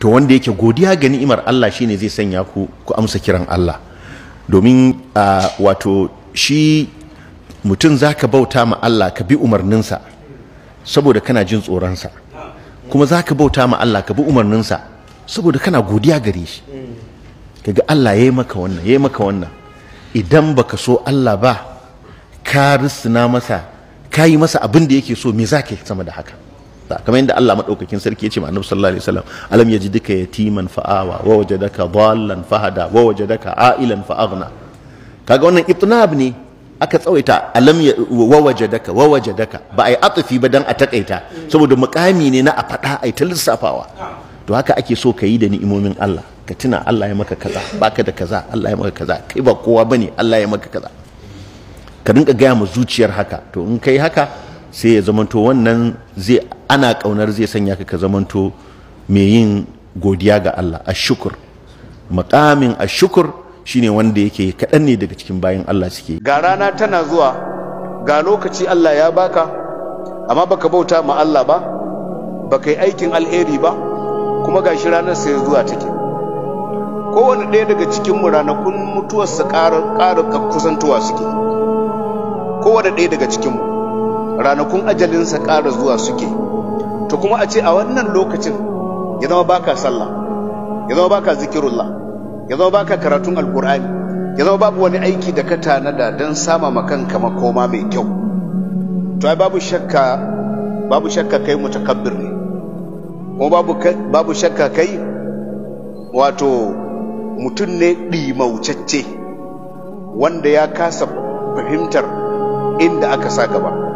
to wanda yake godiya ga ni'imar Allah shine zai sanya ku ku amsa kiran Allah domin wato shi mutum zaka bauta ma Allah ka bi umarninsa saboda kana jin tsoronsa kuma zaka bauta ma Allah ka bi umarninsa saboda kana godiya gare shi kaga Allah yayi maka wannan yayi maka wannan idan baka so Allah ba ka risina masa ka yi masa abin da yake so me zaka sama da haka ta kamar yadda Allah madaukakin sarki ya ce ma annabi sallallahu alaihi wasallam alam ya yatiman fa'awa wa wajadaka dhallan fahada wa wajadaka a'ilan Ka kaga wannan itnab ne aka tsawaita alam wa wajadaka wa wajadaka ba ai atfi ba dan a takaita saboda muƙami ne na a fada ai ta lissafawa to haka ake so ka yi da ni'imomin Allah ka tuna Allah ya maka kaza baka da kaza Allah ya maka kaza kai ba kowa bane Allah ya maka kaza ka dinka gaya ma zuciyar haka to in kai haka sai ya zamanto wannan zai ana kaunar zai sanya ka ka zamanto mai yin godiya ga Allah ashukur makamin ashukur shine wanda yake kaɗan ne daga cikin bayan Allah suke ga rana tana zuwa ga lokaci Allah ya baka amma baka bauta ma Allah ba baka yi aikin alheri ba kuma ga shi ranar sai zuwa take kowane ɗaya daga cikin mu ranakun mutuwarsa ƙara kusantowa suke kowane ɗaya daga cikin mu ranakun ajalinsa ƙara zuwa suke to kuma a ce a wannan lokacin ya zama baka sallah ya zama baka zikirullah ya zama baka karatun alkur'ani ya zama babu wani aiki da ka tanada don sama ma kanka makoma mai kyau to ai babu shakka babu shakka kai mutakabbir ne kuma babu babu shakka kai wato mutum ne ɗimaucacce wanda ya kasa fahimtar inda aka sa gaba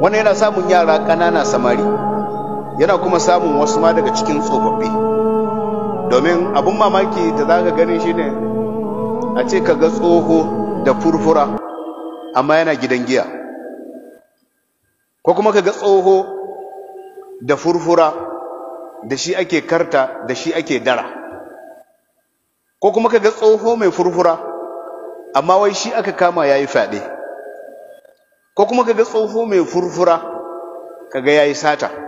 wani yana samun yara ƙanana samari yana kuma samun wasu ma daga cikin tsofaffi domin abin mamaki da za ka gani shine a ce ka ga tsoho da furfura amma yana gidan giya ko kuma ka ga tsoho da furfura da shi ake karta da shi ake dara ko kuma ka ga tsoho mai furfura amma wai shi aka kama ya yi fyaɗe ko kuma kaga tsoho mai furfura kaga yayi sata